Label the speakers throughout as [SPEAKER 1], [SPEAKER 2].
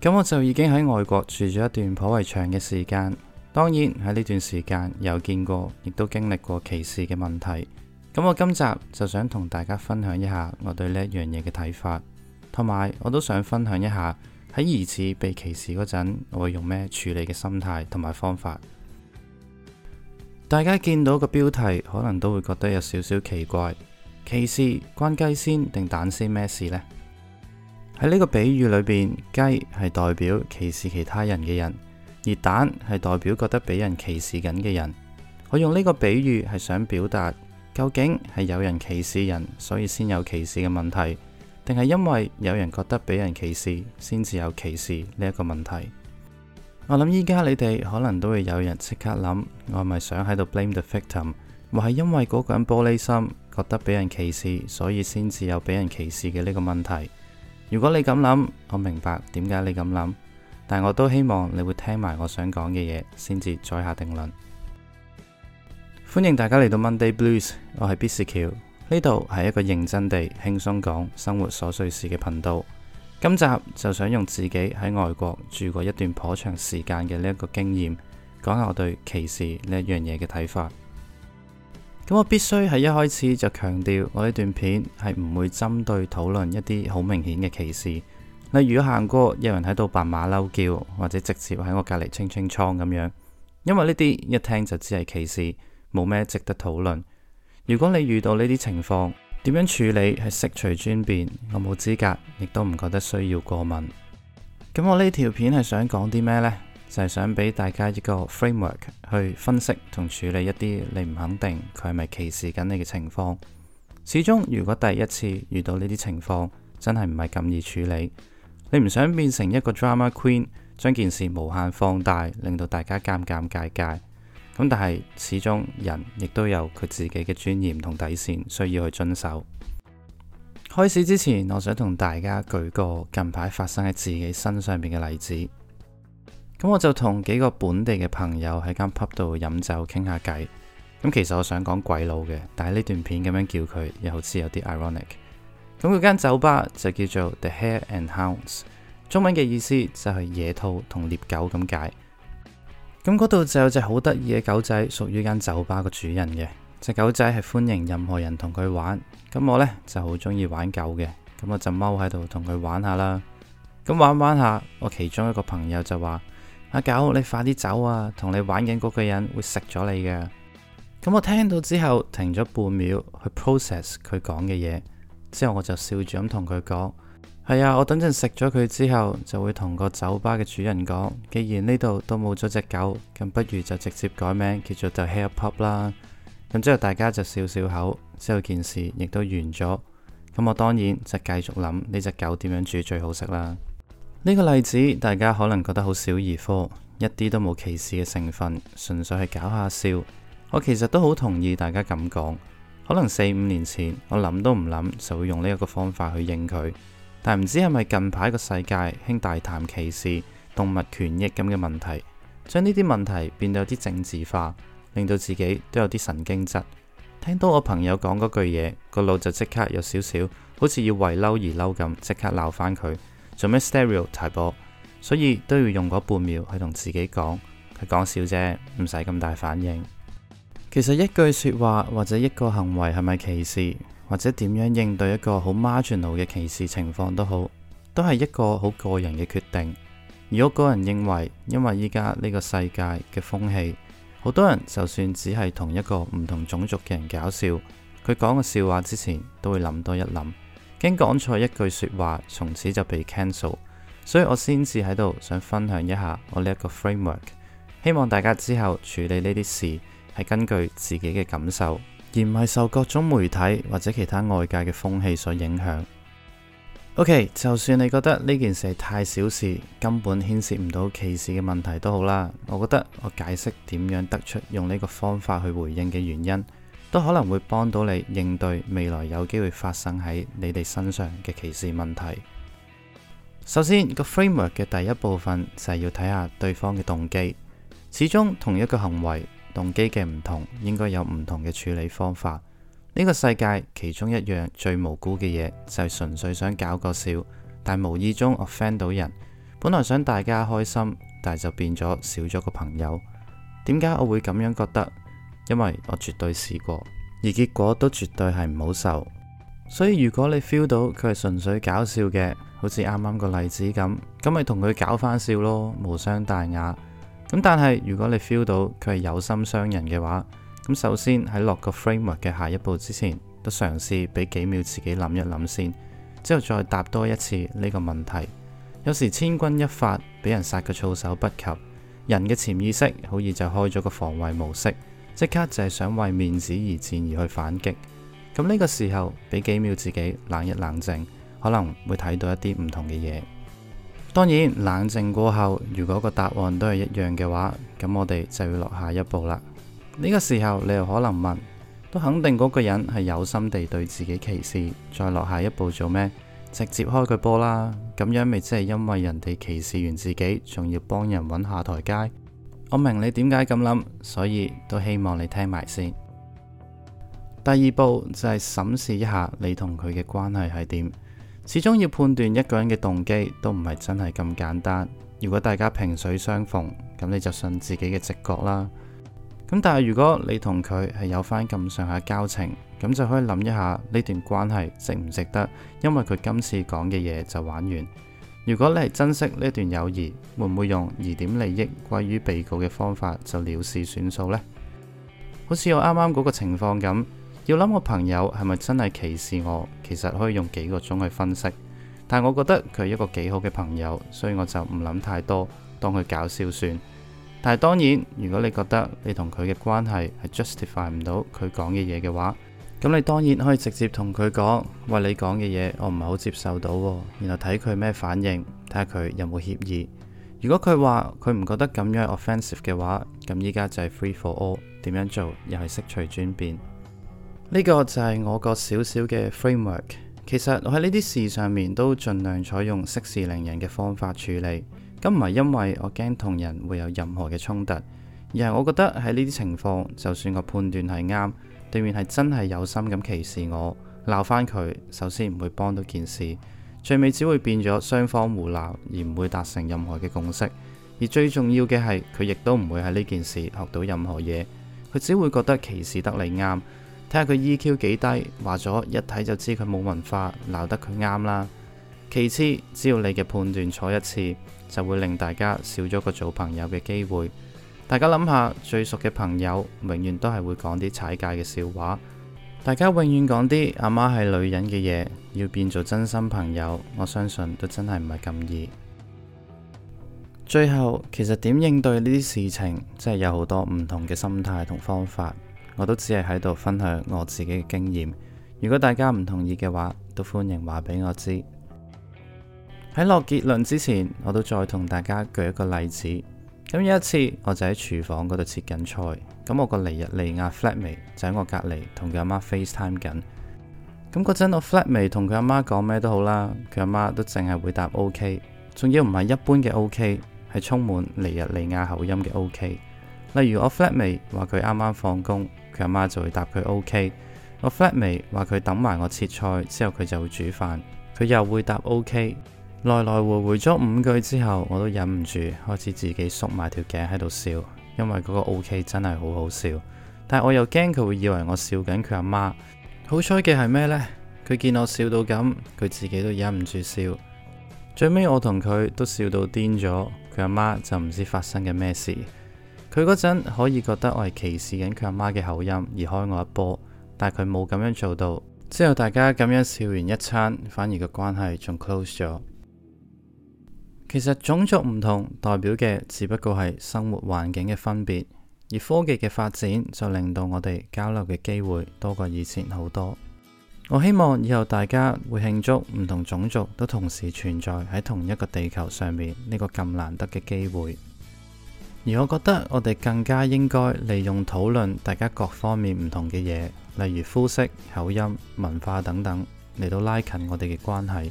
[SPEAKER 1] 咁我就已經喺外國住咗一段頗為長嘅時間，當然喺呢段時間有見過，亦都經歷過歧視嘅問題。咁我今集就想同大家分享一下我對呢一樣嘢嘅睇法，同埋我都想分享一下喺疑似被歧視嗰陣，我會用咩處理嘅心態同埋方法。大家見到個標題，可能都會覺得有少少奇怪，歧視關雞先定蛋先咩事呢？喺呢個比喻裏邊，雞係代表歧視其他人嘅人，而蛋係代表覺得俾人歧視緊嘅人。我用呢個比喻係想表達，究竟係有人歧視人，所以先有歧視嘅問題，定係因為有人覺得俾人歧視，先至有歧視呢一個問題？我諗依家你哋可能都會有人即刻諗，我係咪想喺度 blame the victim，或係因為嗰個人玻璃心，覺得俾人歧視，所以先至有俾人歧視嘅呢個問題？如果你咁諗，我明白點解你咁諗，但我都希望你會聽埋我想講嘅嘢，先至再下定論。歡迎大家嚟到 Monday Blues，我係畢士橋，呢度係一個認真地輕鬆講生活瑣碎事嘅頻道。今集就想用自己喺外國住過一段頗長時間嘅呢一個經驗，講下我對歧視呢一樣嘢嘅睇法。咁我必須喺一開始就強調，我呢段片係唔會針對討論一啲好明顯嘅歧視。例如行過有人喺度扮馬騮叫，或者直接喺我隔籬清清倉咁樣，因為呢啲一聽就只係歧視，冇咩值得討論。如果你遇到呢啲情況，點樣處理係悉隨尊便，我冇資格，亦都唔覺得需要過問。咁我呢條片係想講啲咩呢？就係想俾大家一個 framework 去分析同處理一啲你唔肯定佢係咪歧視緊你嘅情況。始終如果第一次遇到呢啲情況，真係唔係咁易處理。你唔想變成一個 drama queen，將件事無限放大，令到大家尷尷尬尬。咁但係始終人亦都有佢自己嘅尊嚴同底線需要去遵守。開始之前，我想同大家舉個近排發生喺自己身上邊嘅例子。咁我就同幾個本地嘅朋友喺間 pub 度飲酒傾下偈。咁其實我想講鬼佬嘅，但係呢段片咁樣叫佢，又好似有啲 ironic。咁嗰間酒吧就叫做 The Hare and Hounds，中文嘅意思就係野兔同獵狗咁解。咁嗰度就有隻好得意嘅狗仔，屬於間酒吧個主人嘅。隻狗仔係歡迎任何人同佢玩。咁我呢就好中意玩狗嘅，咁我就踎喺度同佢玩下啦。咁玩玩下，我其中一個朋友就話。阿狗，你快啲走啊！同你玩緊嗰個人會食咗你嘅。咁我聽到之後停咗半秒去 process 佢講嘅嘢，之後我就笑住咁同佢講：係啊，我等陣食咗佢之後，就會同個酒吧嘅主人講，既然呢度都冇咗隻狗，咁不如就直接改名叫做就 The Hair Pop 啦。咁之後大家就笑笑口，之後件事亦都完咗。咁我當然就繼續諗呢隻狗點樣煮最好食啦。呢個例子，大家可能覺得好小兒科，一啲都冇歧視嘅成分，純粹係搞下笑。我其實都好同意大家咁講，可能四五年前，我諗都唔諗就會用呢一個方法去應佢。但唔知係咪近排個世界興大談歧視、動物權益咁嘅問題，將呢啲問題變到有啲政治化，令到自己都有啲神經質。聽到我朋友講嗰句嘢，個腦就即刻有少少，好似要為嬲而嬲咁，即刻鬧翻佢。做咩 stereotype，所以都要用嗰半秒去同自己講，佢講笑啫，唔使咁大反應。其實一句說話或者一個行為係咪歧視，或者點樣應對一個好 marginal 嘅歧視情況都好，都係一個好個人嘅決定。而我個人認為，因為依家呢個世界嘅風氣，好多人就算只係同一個唔同種族嘅人搞笑，佢講個笑話之前都會諗多一諗。經講錯一句說話，從此就被 cancel，所以我先至喺度想分享一下我呢一個 framework，希望大家之後處理呢啲事係根據自己嘅感受，而唔係受各種媒體或者其他外界嘅風氣所影響。OK 就算你覺得呢件事太小事，根本牽涉唔到歧視嘅問題都好啦，我覺得我解釋點樣得出用呢個方法去回應嘅原因。都可能會幫到你應對未來有機會發生喺你哋身上嘅歧視問題。首先個 framework 嘅第一部分就係要睇下對方嘅動機。始終同一個行為動機嘅唔同，應該有唔同嘅處理方法。呢個世界其中一樣最無辜嘅嘢就係純粹想搞個笑，但係無意中 offend 到人。本來想大家開心，但係就變咗少咗個朋友。點解我會咁樣覺得？因為我絕對試過，而結果都絕對係唔好受。所以如果你 feel 到佢係純粹搞笑嘅，好似啱啱個例子咁，咁咪同佢搞返笑咯，無傷大雅。咁但係如果你 feel 到佢係有心傷人嘅話，咁首先喺落個 framework 嘅下一步之前，都嘗試俾幾秒自己諗一諗先，之後再答多一次呢個問題。有時千鈞一髮，俾人殺個措手不及，人嘅潛意識好易就開咗個防衛模式。即刻就係想為面子而戰而去反擊，咁呢個時候俾幾秒自己冷一冷靜，可能會睇到一啲唔同嘅嘢。當然冷靜過後，如果個答案都係一樣嘅話，咁我哋就要落下一步啦。呢個時候你又可能問：都肯定嗰個人係有心地對自己歧視，再落下一步做咩？直接開佢波啦！咁樣咪即係因為人哋歧視完自己，仲要幫人揾下台階。我明你點解咁諗，所以都希望你聽埋先。第二步就係審視一下你同佢嘅關係係點。始終要判斷一個人嘅動機都唔係真係咁簡單。如果大家萍水相逢，咁你就信自己嘅直覺啦。咁但係如果你同佢係有翻咁上下交情，咁就可以諗一下呢段關係值唔值得，因為佢今次講嘅嘢，就玩完。如果你係珍惜呢段友誼，會唔會用疑點利益歸於被告嘅方法就了事算數呢？好似我啱啱嗰個情況咁，要諗我朋友係咪真係歧視我，其實可以用幾個鐘去分析。但係我覺得佢係一個幾好嘅朋友，所以我就唔諗太多，當佢搞笑算。但係當然，如果你覺得你同佢嘅關係係 justify 唔到佢講嘅嘢嘅話，咁你當然可以直接同佢講，喂，你講嘅嘢，我唔係好接受到，然後睇佢咩反應，睇下佢有冇協議？如果佢話佢唔覺得咁樣 offensive 嘅話，咁依家就係 free for all，點樣做又係悉隨尊便。呢、呢個就係我個少少嘅 framework。其實我喺呢啲事上面都盡量採用息事寧人嘅方法處理。咁唔係因為我驚同人會有任何嘅衝突，而係我覺得喺呢啲情況，就算我判斷係啱。對面係真係有心咁歧視我，鬧翻佢，首先唔會幫到件事，最尾只會變咗雙方互鬧，而唔會達成任何嘅共識。而最重要嘅係，佢亦都唔會喺呢件事學到任何嘢，佢只會覺得歧視得你啱。睇下佢 EQ 幾低，話咗一睇就知佢冇文化，鬧得佢啱啦。其次，只要你嘅判斷錯一次，就會令大家少咗個做朋友嘅機會。大家諗下，最熟嘅朋友永遠都係會講啲踩界嘅笑話，大家永遠講啲阿媽係女人嘅嘢，要變做真心朋友，我相信都真係唔係咁易。最後，其實點應對呢啲事情，真係有好多唔同嘅心態同方法，我都只係喺度分享我自己嘅經驗。如果大家唔同意嘅話，都歡迎話俾我知。喺落結論之前，我都再同大家舉一個例子。咁有一次，我就喺廚房嗰度切緊菜，咁我個尼日利亞 flatmate 就喺我隔離同佢阿媽 FaceTime 緊。咁嗰陣我 flatmate 同佢阿媽講咩都好啦，佢阿媽都淨係會答 OK。仲要唔係一般嘅 OK，係充滿尼日利亞口音嘅 OK。例如我 flatmate 話佢啱啱放工，佢阿媽就會答佢 OK。我 flatmate 話佢等埋我切菜之後佢就會煮飯，佢又會答 OK。來來回回咗五句之後，我都忍唔住開始自己縮埋條頸喺度笑，因為嗰個 OK 真係好好笑。但係我又驚佢會以為我笑緊佢阿媽。好彩嘅係咩呢？佢見我笑到咁，佢自己都忍唔住笑。最尾我同佢都笑到癲咗，佢阿媽就唔知發生緊咩事。佢嗰陣可以覺得我係歧視緊佢阿媽嘅口音而開我一波，但係佢冇咁樣做到。之後大家咁樣笑完一餐，反而個關係仲 close 咗。其實種族唔同代表嘅只不過係生活環境嘅分別，而科技嘅發展就令到我哋交流嘅機會多過以前好多。我希望以後大家會慶祝唔同種族都同時存在喺同一個地球上面呢個咁難得嘅機會。而我覺得我哋更加應該利用討論大家各方面唔同嘅嘢，例如膚色、口音、文化等等，嚟到拉近我哋嘅關係。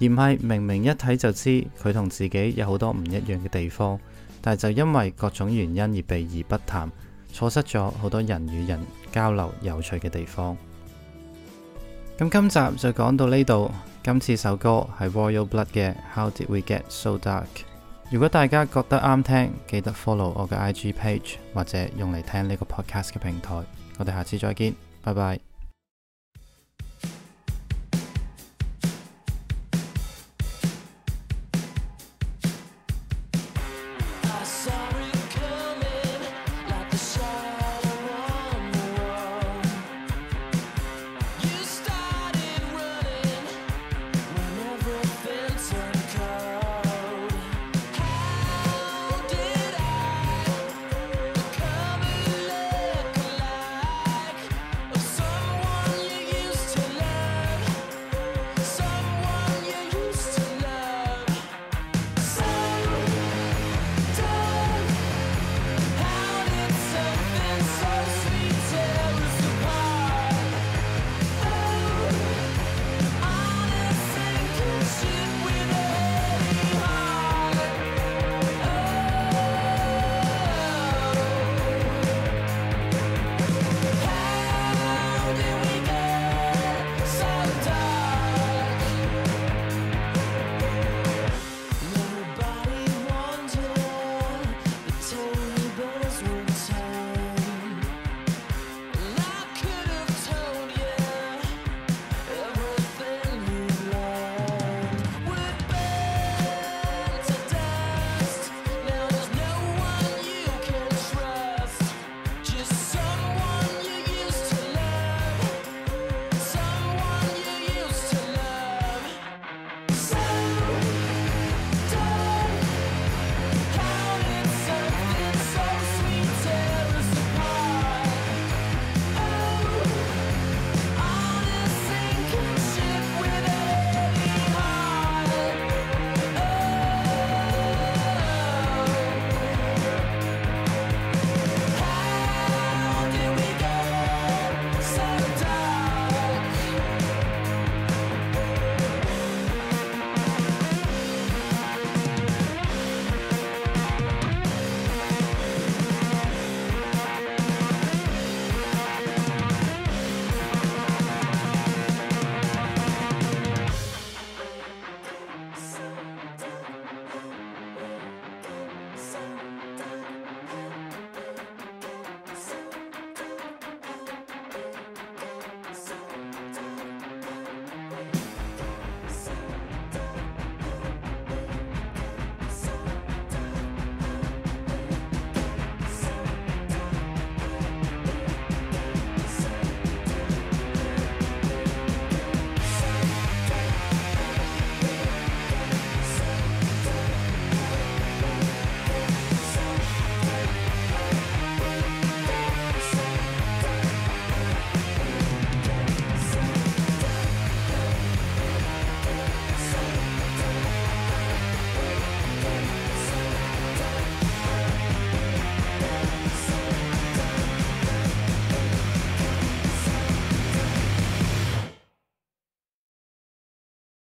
[SPEAKER 1] 而唔係明明一睇就知佢同自己有好多唔一樣嘅地方，但係就因為各種原因而避而不談，錯失咗好多人與人交流有趣嘅地方。咁今集就講到呢度，今次首歌係 Royal Blood 嘅《How Did We Get So Dark》。如果大家覺得啱聽，記得 follow 我嘅 IG page 或者用嚟聽呢個 podcast 嘅平台。我哋下次再見，拜拜。